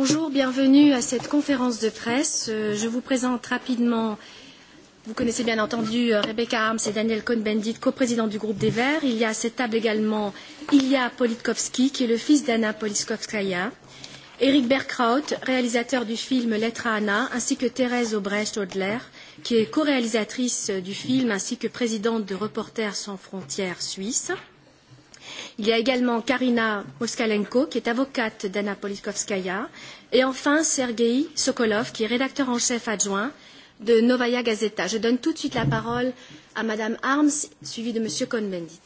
Bonjour, bienvenue à cette conférence de presse. Je vous présente rapidement, vous connaissez bien entendu Rebecca Harms et Daniel Cohn-Bendit, coprésident du groupe des Verts. Il y a à cette table également Ilya Politkovski, qui est le fils d'Anna Politkovskaya, Eric Berkraut, réalisateur du film Lettre à Anna, ainsi que therese Obrecht Aubrecht-Odler, qui est co-réalisatrice du film ainsi que présidente de Reporters sans frontières suisse. Il y a également Karina Moskalenko, qui est avocate d'Anna Politkovskaya, et enfin Sergei Sokolov, qui est rédacteur en chef adjoint de Novaya Gazeta. Je donne tout de suite la parole à Madame Arms, suivie de Monsieur Cohn-Bendit.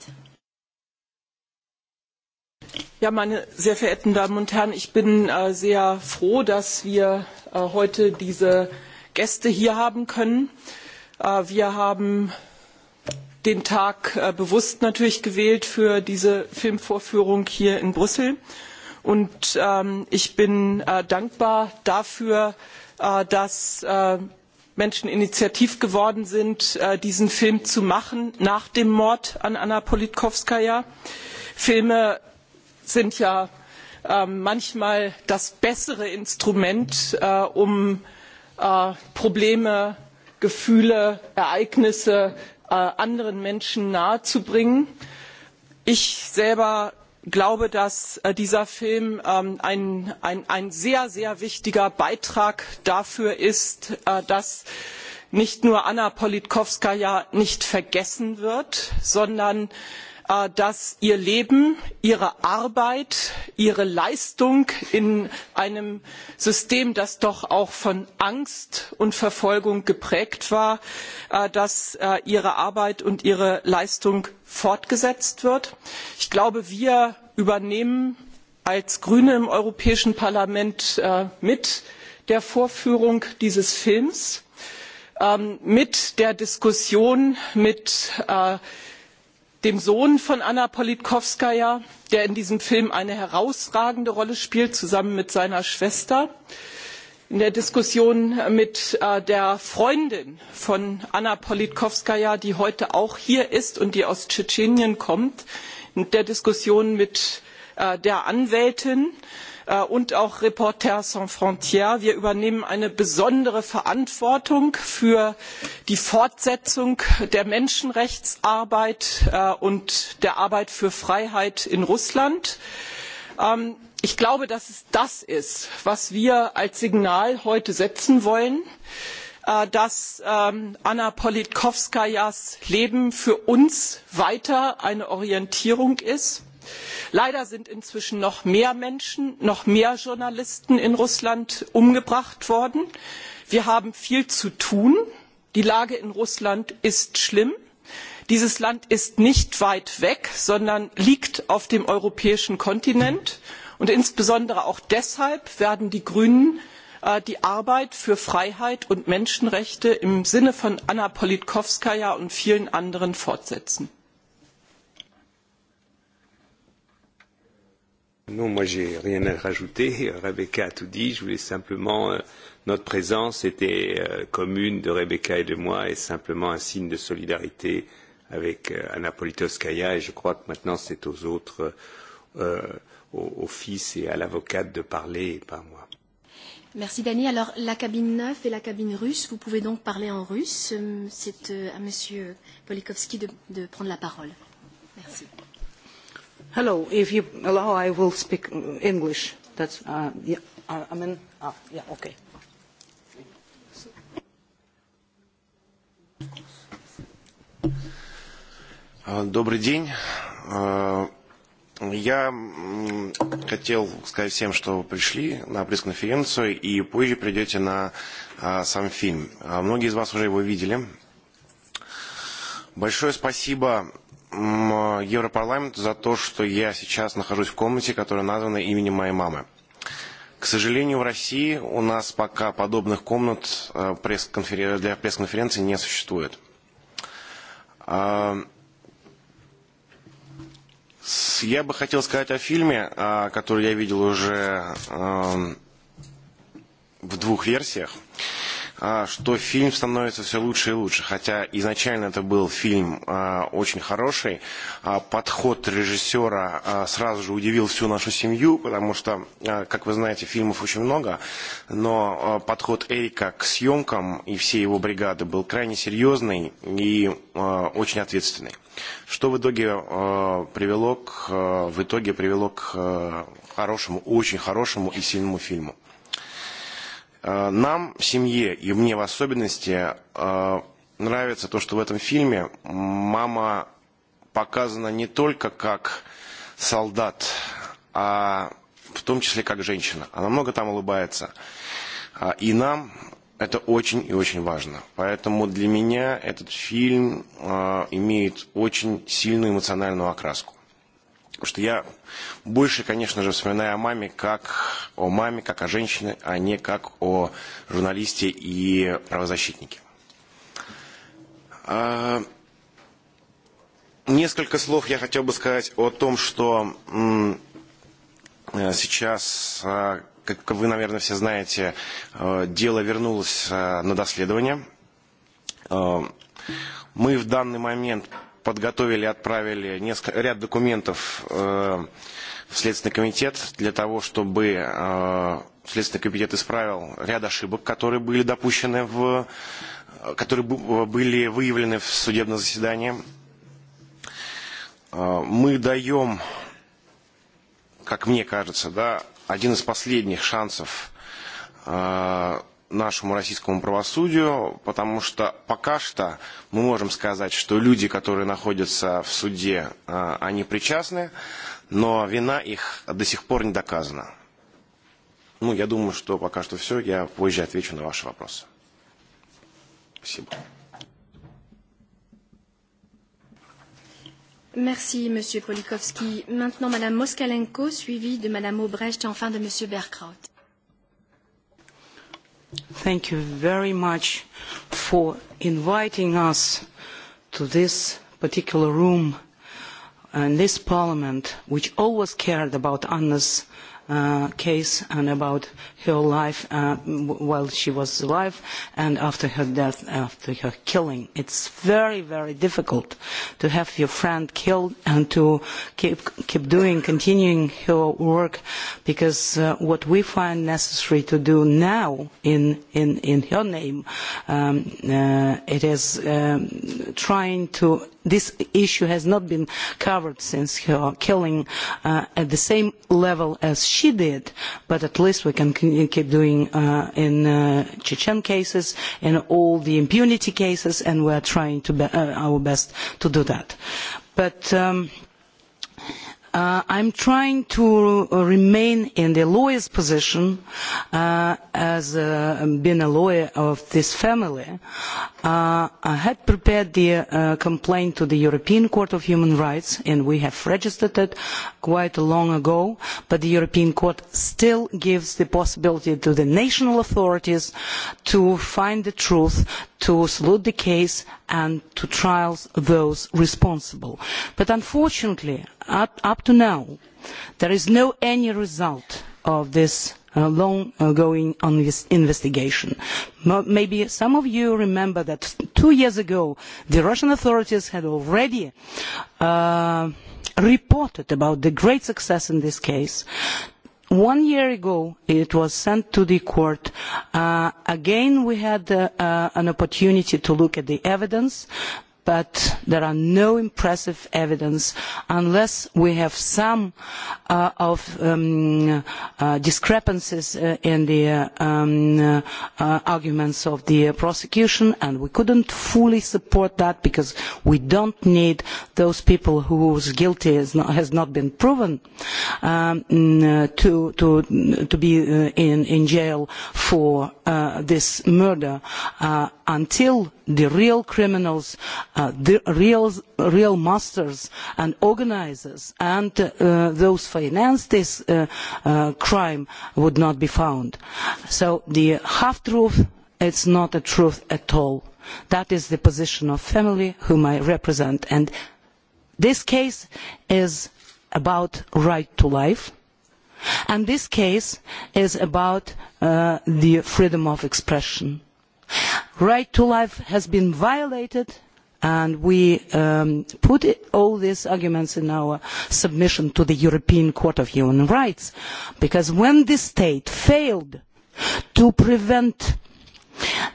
Meine sehr verehrten Damen und Herren, ich bin sehr froh, dass wir heute diese Gäste hier haben können. Wir haben den Tag bewusst natürlich gewählt für diese Filmvorführung hier in Brüssel. Und ich bin dankbar dafür, dass Menschen initiativ geworden sind, diesen Film zu machen nach dem Mord an Anna Politkovskaya. Filme sind ja manchmal das bessere Instrument, um Probleme, Gefühle, Ereignisse anderen menschen nahezubringen. ich selber glaube dass dieser film ein sehr sehr wichtiger beitrag dafür ist dass nicht nur anna politkowskaja nicht vergessen wird sondern dass ihr leben ihre arbeit ihre leistung in einem system das doch auch von angst und verfolgung geprägt war dass ihre arbeit und ihre leistung fortgesetzt wird. ich glaube wir übernehmen als grüne im europäischen parlament mit der vorführung dieses films mit der diskussion mit dem sohn von anna politkowskaja der in diesem film eine herausragende rolle spielt zusammen mit seiner schwester in der diskussion mit der freundin von anna politkowskaja die heute auch hier ist und die aus tschetschenien kommt in der diskussion mit der anwältin und auch reporters sans frontires wir übernehmen eine besondere verantwortung für die fortsetzung der menschenrechtsarbeit und der arbeit für freiheit in russland. ich glaube dass es das ist was wir als signal heute setzen wollen dass anna politkowskajas leben für uns weiter eine orientierung ist leider sind inzwischen noch mehr menschen noch mehr journalisten in russland umgebracht worden. wir haben viel zu tun. die lage in russland ist schlimm. dieses land ist nicht weit weg sondern liegt auf dem europäischen kontinent und insbesondere auch deshalb werden die grünen die arbeit für freiheit und menschenrechte im sinne von anna politkowskaja und vielen anderen fortsetzen. Non, moi j'ai rien à rajouter. Rebecca a tout dit. Je voulais simplement notre présence était commune de Rebecca et de moi et simplement un signe de solidarité avec Anna Politoskaya. et je crois que maintenant c'est aux autres, au fils et à l'avocate de parler et pas moi. Merci Dani. Alors la cabine 9 et la cabine russe, vous pouvez donc parler en russe. C'est à Monsieur Polikovski de prendre la parole. Merci. Hello. If you allow, I will speak English. I yeah, okay. Добрый день. Я хотел сказать всем, что пришли на пресс-конференцию и позже придете на сам фильм. Многие из вас уже его видели. Большое спасибо Европарламенту за то, что я сейчас нахожусь в комнате, которая названа именем моей мамы. К сожалению, в России у нас пока подобных комнат для пресс-конференций не существует. Я бы хотел сказать о фильме, который я видел уже в двух версиях что фильм становится все лучше и лучше. Хотя изначально это был фильм очень хороший. а Подход режиссера сразу же удивил всю нашу семью, потому что, как вы знаете, фильмов очень много. Но подход Эрика к съемкам и всей его бригады был крайне серьезный и очень ответственный. Что в итоге привело к, в итоге привело к хорошему, очень хорошему и сильному фильму. Нам, в семье, и мне в особенности, нравится то, что в этом фильме мама показана не только как солдат, а в том числе как женщина. Она много там улыбается. И нам это очень и очень важно. Поэтому для меня этот фильм имеет очень сильную эмоциональную окраску. Потому что я больше, конечно же, вспоминаю о маме как о маме, как о женщине, а не как о журналисте и правозащитнике. Несколько слов я хотел бы сказать о том, что сейчас, как вы, наверное, все знаете, дело вернулось на доследование. Мы в данный момент подготовили, отправили несколько, ряд документов в Следственный комитет для того, чтобы Следственный комитет исправил ряд ошибок, которые были допущены, в, которые были выявлены в судебном заседании. Мы даем, как мне кажется, да, один из последних шансов нашему российскому правосудию, потому что пока что мы можем сказать, что люди, которые находятся в суде, они причастны, но вина их до сих пор не доказана. Ну, я думаю, что пока что все. Я позже отвечу на ваши вопросы. Спасибо. Merci, Monsieur Polikowski. Maintenant, Madame Moskalenko, suivie de Madame Obrecht et enfin de Monsieur Berkraut. Thank you very much for inviting us to this particular room and this Parliament, which always cared about Anna's case and about her life while she was alive and after her death, after her killing. It's very, very difficult to have your friend killed and to keep doing, continuing her work, because what we find necessary to do now in her name, it is trying to This issue has not been covered since her killing at the same level as she did, but at least we can keep doing in Chechen cases, in all the impunity cases, and we are trying our best to do that. But I'm trying to remain in the lawyer's position, as being a lawyer of this family. I had prepared the complaint to the European Court of Human Rights, and we have registered it quite long ago. But the European Court still gives the possibility to the national authorities to find the truth, to salute the case and to trial those responsible. But unfortunately, up to now, there is no any result of this long-going investigation. Maybe some of you remember that two years ago, the Russian authorities had already reported about the great success in this case. One year ago, it was sent to the court. Again, we had an opportunity to look at the evidence but there are no impressive evidence unless we have some discrepancies in the arguments of the prosecution and we couldn't fully support that because we don't need those people whose guilty has not been proven to be in jail for this murder until the real criminals the real masters and organisers and those financed this crime would not be found. So the half-truth, is not a truth at all. That is the position of family whom I represent. And this case is about right to life. And this case is about the freedom of expression. Right to life has been violated and we put all these arguments in our submission to the European Court of Human Rights, because when the state failed to prevent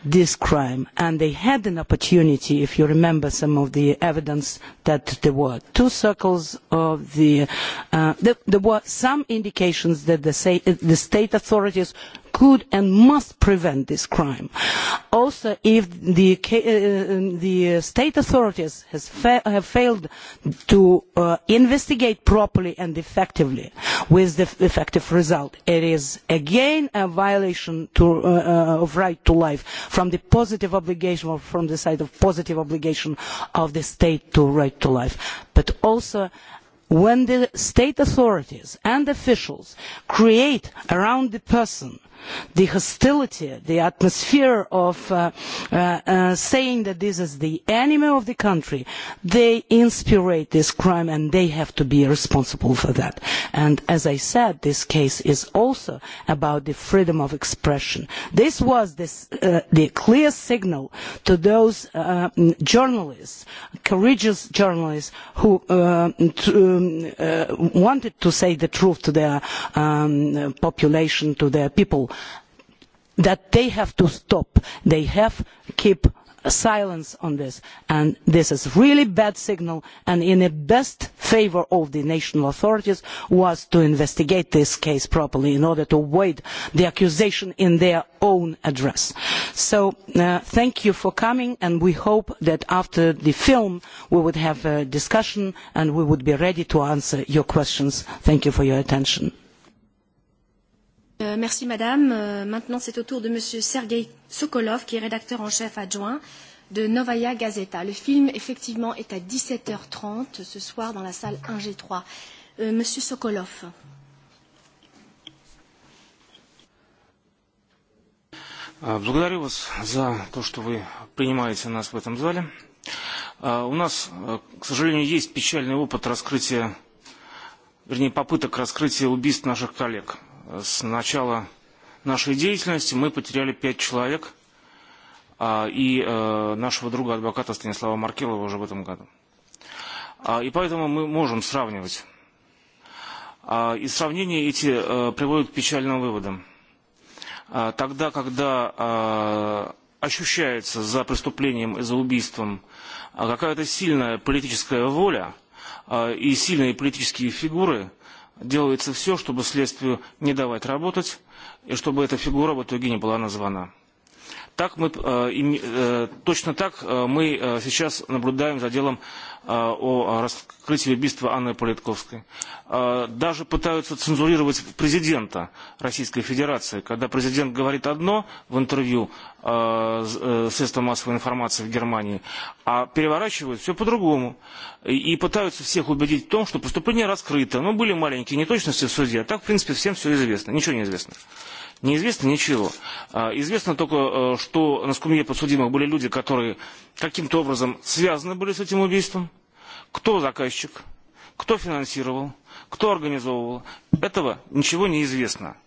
this crime and they had an opportunity if you remember some of the evidence that there were two circles of the there were some indications that the state authorities could and must prevent this crime. Also, if the state authorities have failed to investigate properly and effectively, with the effective result, it is again a violation of right to life from the positive obligation or from the side of positive obligation of the state to right to life. But also when the state authorities and officials create around the person the hostility, the atmosphere of saying that this is the enemy of the country, they inspirate this crime and they have to be responsible for that. And as I said, this case is also about the freedom of expression. This was the clear signal to those journalists, courageous journalists who wanted to say the truth to their population, to their people that they have to stop. They have to keep silence on this. And this is a really bad signal. And in the best favour of the national authorities was to investigate this case properly in order to avoid the accusation in their own address. So thank you for coming. And we hope that after the film we would have a discussion and we would be ready to answer your questions. Thank you for your attention. Merci Madame. Maintenant, c'est au tour de Monsieur Sergei Sokolov, qui est rédacteur en chef adjoint de Novaya Gazeta. Le film, effectivement, est à 17h30 ce soir dans la salle 1G3. Monsieur Sokolov. Благодарю вас за то, что вы принимаете нас в этом зале. У нас, к сожалению, есть печальный опыт раскрытия, вернее, попыток раскрытия убийств наших коллег с начала нашей деятельности мы потеряли пять человек и нашего друга адвоката Станислава Маркелова уже в этом году. И поэтому мы можем сравнивать. И сравнения эти приводят к печальным выводам. Тогда, когда ощущается за преступлением и за убийством какая-то сильная политическая воля и сильные политические фигуры, делается все, чтобы следствию не давать работать, и чтобы эта фигура в итоге не была названа. Так мы, точно так мы сейчас наблюдаем за делом о раскрытии убийства Анны Политковской. Даже пытаются цензурировать президента Российской Федерации, когда президент говорит одно в интервью средства массовой информации в Германии, а переворачивают все по-другому. И пытаются всех убедить в том, что преступление раскрыто. Но были маленькие неточности в суде, а так, в принципе, всем все известно. Ничего не известно неизвестно ничего. Известно только, что на скамье подсудимых были люди, которые каким-то образом связаны были с этим убийством. Кто заказчик, кто финансировал, Кто организовывал? Этого ничего не известно.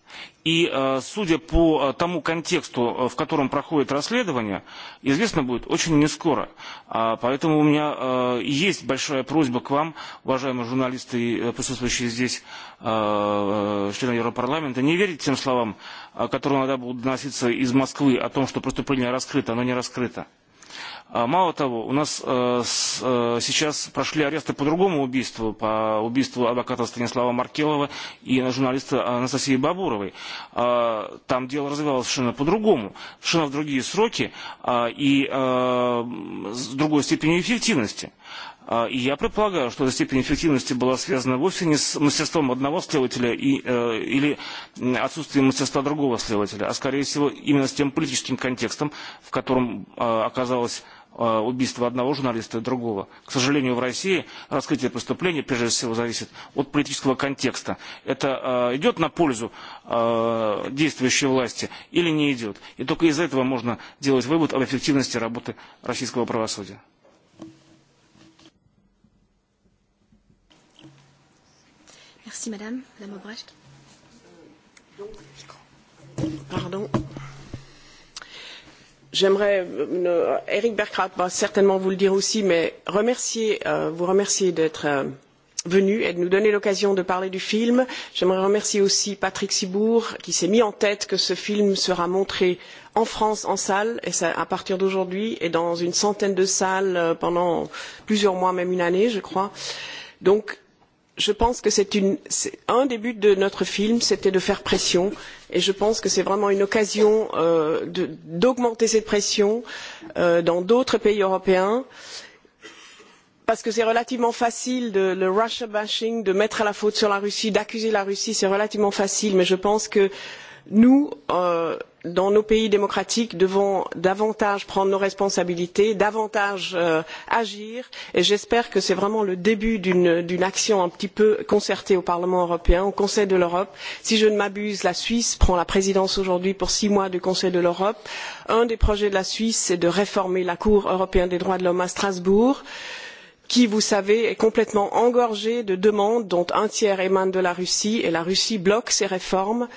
И судя по тому контексту, в котором проходит расследование, известно будет очень нескоро. Поэтому у меня есть большая просьба к вам, уважаемые журналисты, присутствующие здесь, члены Европарламента, не верить тем словам, которые иногда будут доноситься из Москвы о том, что преступление раскрыто, оно не раскрыто. Мало того, у нас сейчас прошли аресты по другому убийству, по убийству адвоката Станислава Маркелова и журналиста Анастасии Бабуровой. Там дело развивалось совершенно по-другому, совершенно в другие сроки и с другой степенью эффективности. И я предполагаю, что эта степень эффективности была связана вовсе не с мастерством одного следователя или отсутствием мастерства другого следователя, а скорее всего именно с тем политическим контекстом, в котором оказалось убийство одного журналиста и другого. К сожалению, в России раскрытие преступлений, прежде всего, зависит от политического контекста. Это идет на пользу действующей власти или не идет. И только из этого можно делать вывод об эффективности работы российского правосудия. Merci, madame. Madame Obrecht. Pardon j'aimerais Eric Berkrat va certainement vous le dire aussi, mais vous remercier d'être venu et de nous donner l'occasion de parler du film. J'aimerais remercier aussi Patrick Sibourg qui s'est mis en tête que ce film sera montré en France en salle et à partir d'aujourd'hui et dans une centaine de salles pendant plusieurs mois, même une année, je crois. Donc je pense que c'est un des buts de notre film c'était de faire pression et je pense que c'est vraiment une occasion d'augmenter cette pression dans d'autres pays européens parce que c'est relativement facile le russia bashing de mettre la faute sur la russie d'accuser la russie c'est relativement facile mais je pense que nous dans nos pays démocratiques devons davantage prendre nos responsabilités davantage agir et j'espère que c'est vraiment le début d'une action un petit peu concertée au parlement européen au conseil de l'europe. si je ne m'abuse la suisse prend la présidence aujourd'hui pour six mois du conseil de l'europe. un des projets de la suisse est de réformer la cour européenne des droits de l'homme à strasbourg qui vous savez est complètement engorgée de demandes dont un tiers émane de la russie et la russie bloque ces réformes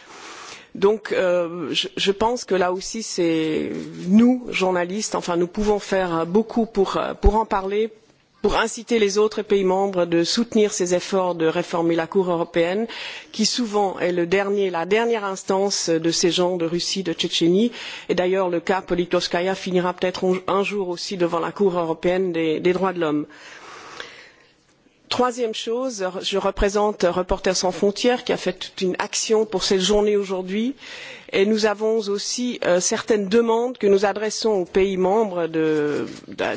donc je pense que là aussi c'est nous journalistes enfin nous pouvons faire beaucoup pour en parler pour inciter les autres pays membres à soutenir ces efforts de réformer la cour européenne qui souvent est la dernière instance de ces gens de russie de tchétchénie et d'ailleurs le cas politkovskaya finira peut être un jour aussi devant la cour européenne des droits de l'homme. Troisième chose, je représente Reporters sans frontières qui a fait toute une action pour cette journée aujourd'hui et nous avons aussi certaines demandes que nous adressons aux pays membres de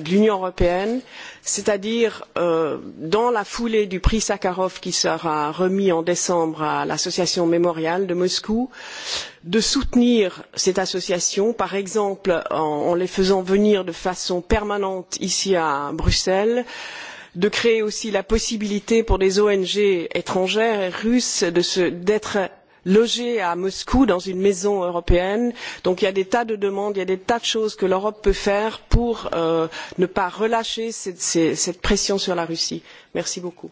l'Union européenne, c'est-à-dire dans la foulée du prix Sakharov qui sera remis en décembre à l'association Mémorial de Moscou, de soutenir cette association, par exemple en les faisant venir de façon permanente ici à Bruxelles de créer aussi la possibilité pour des ong étrangères et russes d'être logées à moscou dans une maison européenne. donc il y a des tas de demandes il y a des tas de choses que l'europe peut faire pour ne pas relâcher cette pression sur la russie. merci beaucoup.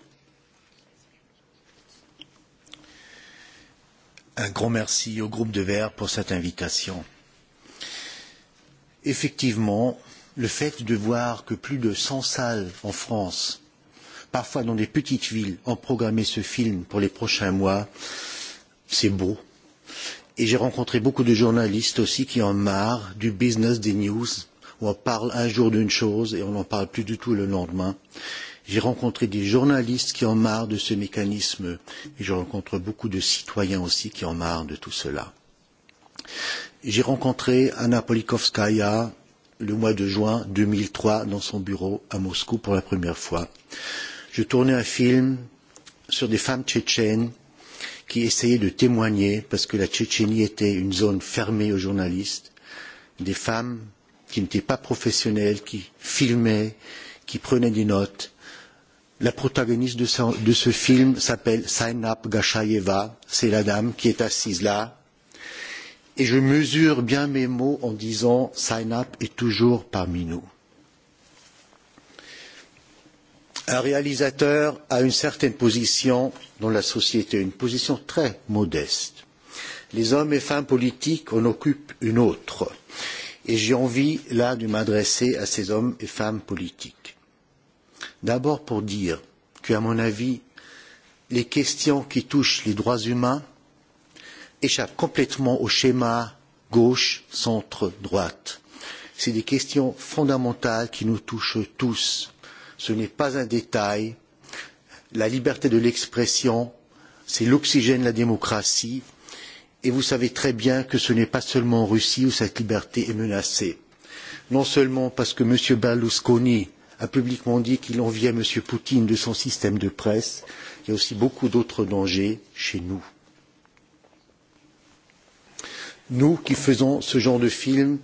un grand merci au groupe de verts pour cette invitation. effectivement le fait de voir que plus de 100 salles en France, parfois dans des petites villes, ont programmé ce film pour les prochains mois, c'est beau. Et j'ai rencontré beaucoup de journalistes aussi qui en marre du business des news, où on parle un jour d'une chose et on n'en parle plus du tout le lendemain. J'ai rencontré des journalistes qui en marrent de ce mécanisme et je rencontre beaucoup de citoyens aussi qui en marrent de tout cela. J'ai rencontré Anna Polikovskaya le mois de juin 2003 dans son bureau à Moscou pour la première fois. Je tournais un film sur des femmes tchétchènes qui essayaient de témoigner parce que la Tchétchénie était une zone fermée aux journalistes, des femmes qui n'étaient pas professionnelles, qui filmaient, qui prenaient des notes. La protagoniste de ce film s'appelle Sainap Gashayeva, c'est la dame qui est assise là et je mesure bien mes mots en disant Sign Up est toujours parmi nous. Un réalisateur a une certaine position dans la société, une position très modeste. Les hommes et femmes politiques en occupent une autre. Et j'ai envie, là, de m'adresser à ces hommes et femmes politiques. D'abord pour dire qu'à mon avis, les questions qui touchent les droits humains échappe complètement au schéma gauche, centre, droite. Ce sont des questions fondamentales qui nous touchent tous. Ce n'est pas un détail. La liberté de l'expression, c'est l'oxygène de la démocratie. Et vous savez très bien que ce n'est pas seulement en Russie où cette liberté est menacée. Non seulement parce que M. Berlusconi a publiquement dit qu'il enviait M. Poutine de son système de presse, il y a aussi beaucoup d'autres dangers chez nous nous qui faisons ce genre de film,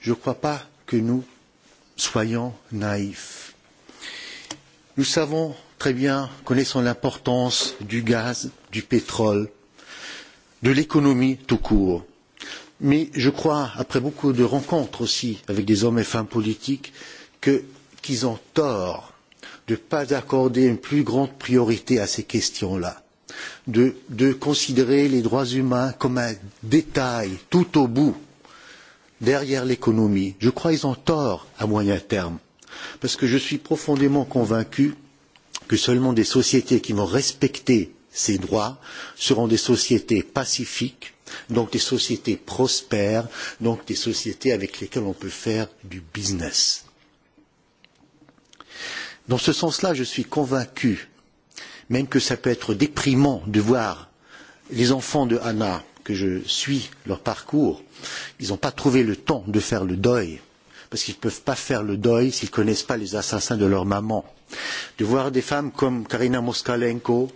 je ne crois pas que nous soyons naïfs. Nous savons très bien, connaissons l'importance du gaz, du pétrole, de l'économie tout court. Mais je crois, après beaucoup de rencontres aussi avec des hommes et femmes politiques, qu'ils ont tort de ne pas accorder une plus grande priorité à ces questions-là de considérer les droits humains comme un détail tout au bout derrière l'économie. Je crois qu'ils ont tort à moyen terme, parce que je suis profondément convaincu que seulement des sociétés qui vont respecter ces droits seront des sociétés pacifiques, donc des sociétés prospères, donc des sociétés avec lesquelles on peut faire du business. Dans ce sens là, je suis convaincu même que ça peut être déprimant de voir les enfants de Anna, que je suis leur parcours, ils n'ont pas trouvé le temps de faire le deuil, parce qu'ils ne peuvent pas faire le deuil s'ils ne connaissent pas les assassins de leur maman. De voir des femmes comme Karina Moskalenko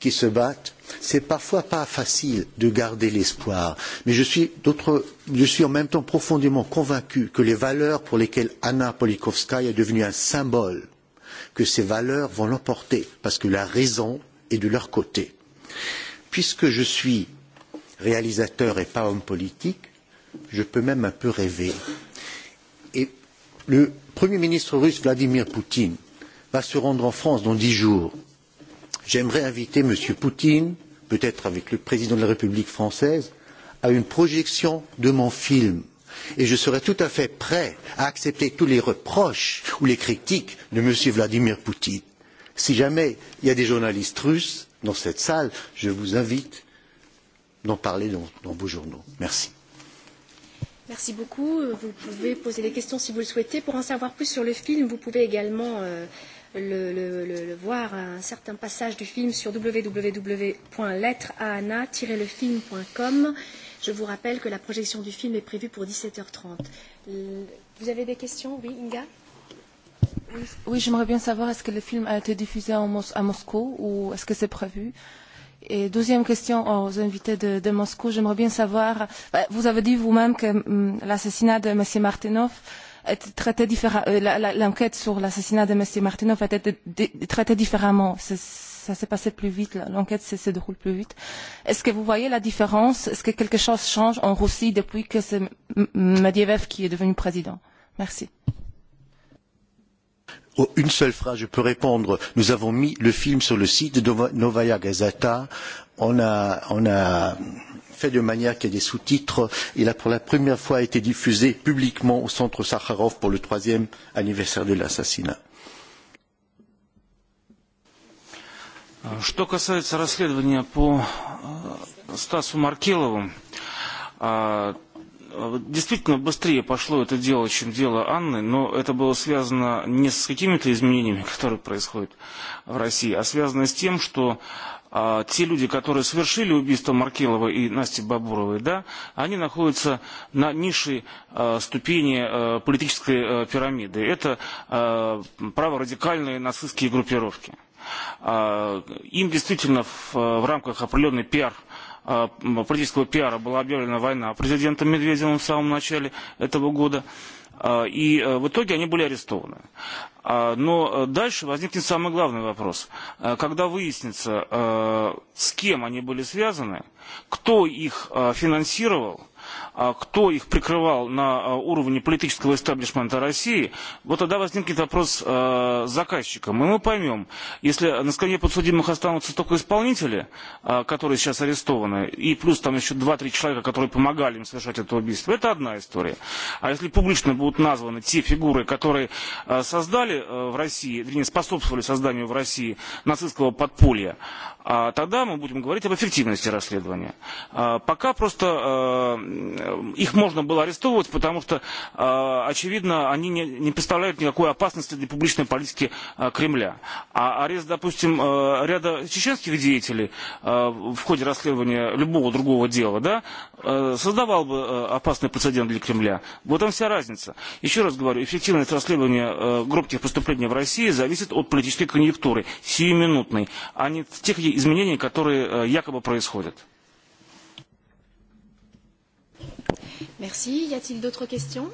qui se battent, n'est parfois pas facile de garder l'espoir. Mais je suis en même temps profondément convaincu que les valeurs pour lesquelles Anna Polikovskaya est devenue un symbole, que ces valeurs vont l'emporter, parce que la raison est de leur côté. Puisque je suis réalisateur et pas homme politique, je peux même un peu rêver. Et le Premier ministre russe Vladimir Poutine va se rendre en France dans dix jours. J'aimerais inviter M. Poutine, peut-être avec le président de la République française, à une projection de mon film et je serai tout à fait prêt à accepter tous les reproches ou les critiques de m. vladimir poutine. si jamais il y a des journalistes russes dans cette salle je vous invite d'en parler dans vos journaux. merci. Merci beaucoup. Vous pouvez poser des questions si vous le souhaitez. Pour en savoir plus sur le film, vous pouvez également le voir un certain passage du film sur www.lettreana-lefilm.com. Je vous rappelle que la projection du film est prévue pour 17h30. Vous avez des questions Oui, Inga Oui, j'aimerais bien savoir est-ce que le film a été diffusé à Moscou ou est-ce que c'est prévu Et deuxième question aux invités de Moscou, j'aimerais bien savoir, vous avez dit vous-même que l'assassinat de M. Martinov différemment. L'enquête sur l'assassinat de M. Martinov a été traitée différemment. Ça s'est passé plus vite. L'enquête se déroule plus vite. Est-ce que vous voyez la différence Est-ce que quelque chose change en Russie depuis que c'est Medvedev qui est devenu président Merci. Une seule phrase, je peux répondre. Nous avons mis le film sur le site de Novaya Gazeta. On a fait de manière qu'il y ait des sous-titres. Il a pour la première fois été diffusé publiquement au centre Sakharov pour le troisième anniversaire de l'assassinat. Что касается расследования по Стасу Маркелову, действительно быстрее пошло это дело, чем дело Анны, но это было связано не с какими-то изменениями, которые происходят в России, а связано с тем, что те люди, которые совершили убийство Маркелова и Насти Бабуровой, да, они находятся на низшей ступени политической пирамиды. Это право радикальные нацистские группировки. Им действительно в рамках определенной пиар политического пиара была объявлена война президентом Медведевым в самом начале этого года. И в итоге они были арестованы. Но дальше возникнет самый главный вопрос. Когда выяснится, с кем они были связаны, кто их финансировал, кто их прикрывал на уровне политического истеблишмента России, вот тогда возникнет вопрос заказчикам. И мы поймем, если на скамье подсудимых останутся только исполнители, которые сейчас арестованы, и плюс там еще 2-3 человека, которые помогали им совершать это убийство, это одна история. А если публично будут названы те фигуры, которые создали в России, вернее, способствовали созданию в России нацистского подполья, тогда мы будем говорить об эффективности расследования. Пока просто их можно было арестовывать, потому что, очевидно, они не представляют никакой опасности для публичной политики Кремля. А арест, допустим, ряда чеченских деятелей в ходе расследования любого другого дела, да, создавал бы опасный прецедент для Кремля. Вот там вся разница. Еще раз говорю, эффективность расследования громких преступлений в России зависит от политической конъюнктуры, сиюминутной, а не от тех изменений, которые якобы происходят. Merci. Y a-t-il d'autres questions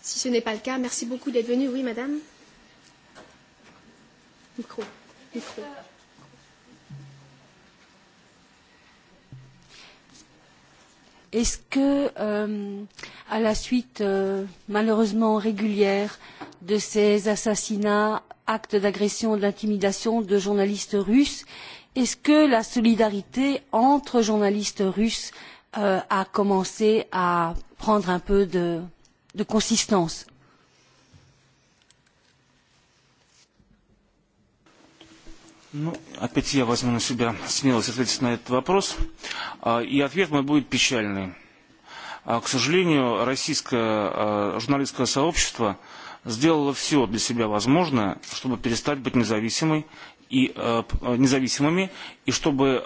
Si ce n'est pas le cas, merci beaucoup d'être venu. Oui, madame Micro. Micro. Est-ce que, à la suite malheureusement régulière de ces assassinats, actes d'agression, d'intimidation de journalistes russes, est-ce que la solidarité entre journalistes russes a commencé à prendre un peu de consistance Ну, опять я возьму на себя смелость ответить на этот вопрос. И ответ мой будет печальный. К сожалению, российское журналистское сообщество – сделала все для себя возможное, чтобы перестать быть независимой и независимыми и чтобы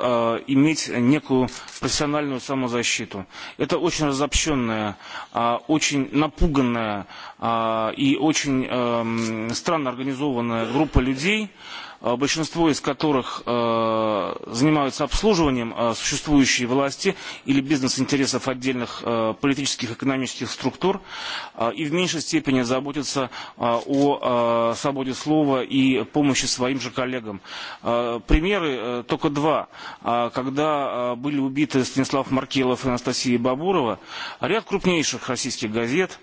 иметь некую профессиональную самозащиту. Это очень разобщенная, очень напуганная и очень странно организованная группа людей, большинство из которых занимаются обслуживанием существующей власти или бизнес-интересов отдельных политических и экономических структур, и в меньшей степени заботятся о свободе слова и помощи своим же коллегам. Примеры только два. Когда были убиты Станислав Маркелов и Анастасия Бабурова, ряд крупнейших российских газет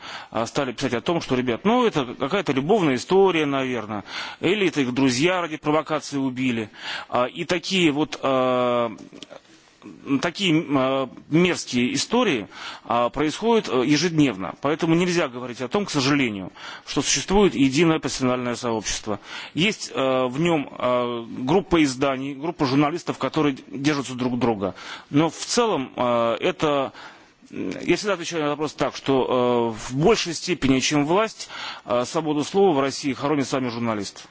стали писать о том, что, ребят, ну это какая-то любовная история, наверное, или это их друзья ради провокации убили. И такие вот такие мерзкие истории происходят ежедневно. Поэтому нельзя говорить о том, к сожалению, что существует единое профессиональное сообщество. Есть в нем группа изданий, группа журналистов, которые держатся друг друга. Но в целом это... Я всегда отвечаю на вопрос так, что в большей степени, чем власть, свободу слова в России хоронят сами журналисты.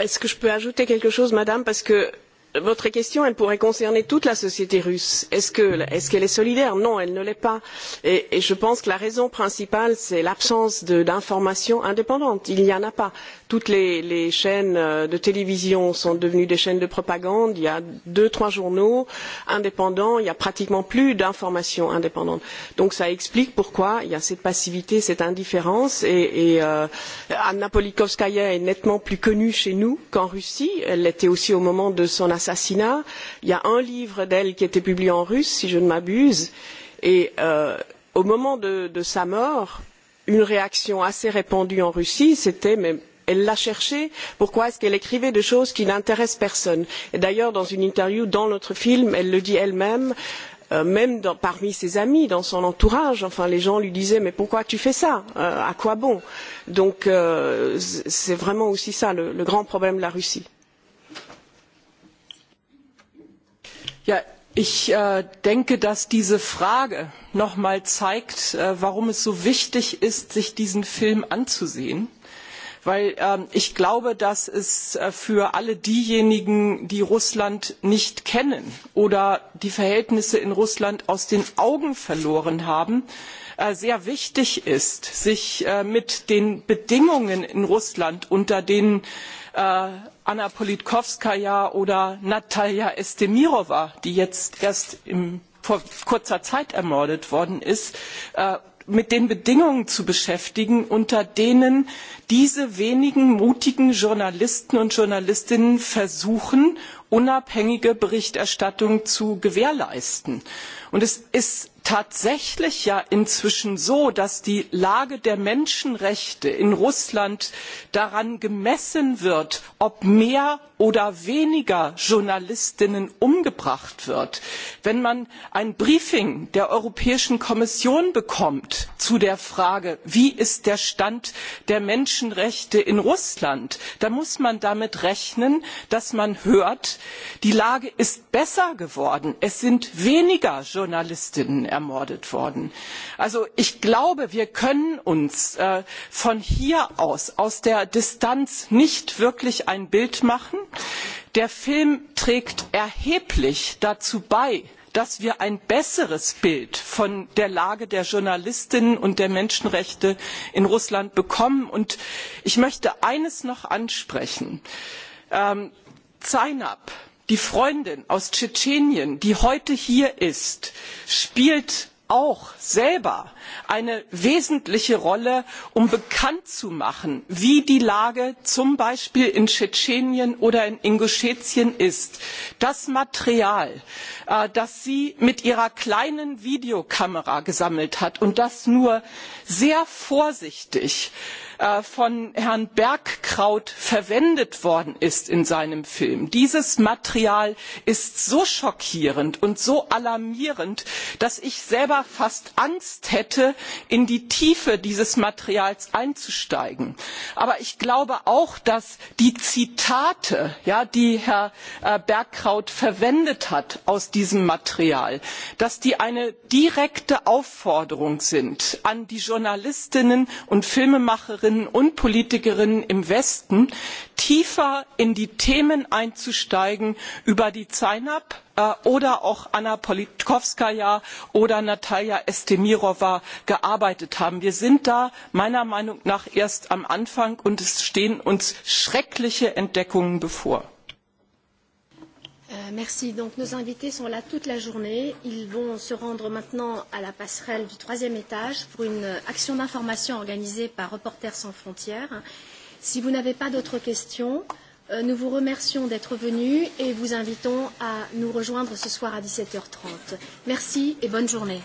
Est-ce que je peux ajouter quelque chose, madame, parce que votre question elle pourrait concerner toute la société russe. est ce qu'elle est solidaire? non elle ne l'est pas et je pense que la raison principale c'est l'absence d'informations indépendantes. il n'y en a pas. toutes les chaînes de télévision sont devenues des chaînes de propagande il y a deux trois journaux indépendants il n'y a pratiquement plus d'informations indépendantes. donc cela explique pourquoi il y a cette passivité cette indifférence et anna politkovskaya est nettement plus connue chez nous qu'en russie elle l'était aussi au moment de son assassinat. Il y a un livre d'elle qui était publié en russe, si je ne m'abuse, et au moment de sa mort, une réaction assez répandue en Russie, c'était mais elle l'a cherché, pourquoi est ce qu'elle écrivait des choses qui n'intéressent personne? Et D'ailleurs, dans une interview dans notre film, elle le dit elle même même parmi ses amis dans son entourage enfin les gens lui disaient mais pourquoi tu fais ça à quoi bon donc c'est vraiment aussi ça le grand problème de la russie ich denke dass diese frage noch einmal zeigt warum es so wichtig ist sich diesen film anzusehen weil ich glaube dass es für alle diejenigen die russland nicht kennen oder die verhältnisse in russland aus den augen verloren haben sehr wichtig ist sich mit den bedingungen in russland unter denen anna politkowskaja oder natalja Estemirova, die jetzt erst vor kurzer zeit ermordet worden ist mit den bedingungen zu beschäftigen unter denen diese wenigen mutigen journalisten und journalistinnen versuchen unabhängige Berichterstattung zu gewährleisten. Und es ist tatsächlich ja inzwischen so, dass die Lage der Menschenrechte in Russland daran gemessen wird, ob mehr oder weniger Journalistinnen umgebracht wird. Wenn man ein Briefing der Europäischen Kommission bekommt zu der Frage, wie ist der Stand der Menschenrechte in Russland, dann muss man damit rechnen, dass man hört, die lage ist besser geworden es sind weniger journalistinnen ermordet worden. also ich glaube wir können uns von hier aus aus der distanz nicht wirklich ein bild machen. der film trägt erheblich dazu bei dass wir ein besseres bild von der lage der journalistinnen und der menschenrechte in russland bekommen. ich möchte eines noch ansprechen zainab die freundin aus tschetschenien die heute hier ist spielt auch selber eine wesentliche rolle um bekannt zu machen wie die lage zum beispiel in tschetschenien oder in inguschetien ist. das material das sie mit ihrer kleinen videokamera gesammelt hat und das nur sehr vorsichtig von herrn bergkraut verwendet worden ist in seinem film dieses material ist so schockierend und so alarmierend dass ich selber fast angst hätte in die tiefe dieses materials einzusteigen. aber ich glaube auch dass die zitate die herr bergkraut verwendet hat aus diesem material eine direkte aufforderung sind an die journalistinnen und filmemacherinnen politikerinnen und politikerinnen im westen tiefer in die themen einzusteigen über die zajnab oder auch anna politkowskaja oder Natalia Estemirova gearbeitet haben. wir sind da meiner meinung nach erst am anfang und es stehen uns schreckliche entdeckungen bevor. Merci. Donc nos invités sont là toute la journée. Ils vont se rendre maintenant à la passerelle du troisième étage pour une action d'information organisée par Reporters sans frontières. Si vous n'avez pas d'autres questions, nous vous remercions d'être venus et vous invitons à nous rejoindre ce soir à 17h30. Merci et bonne journée.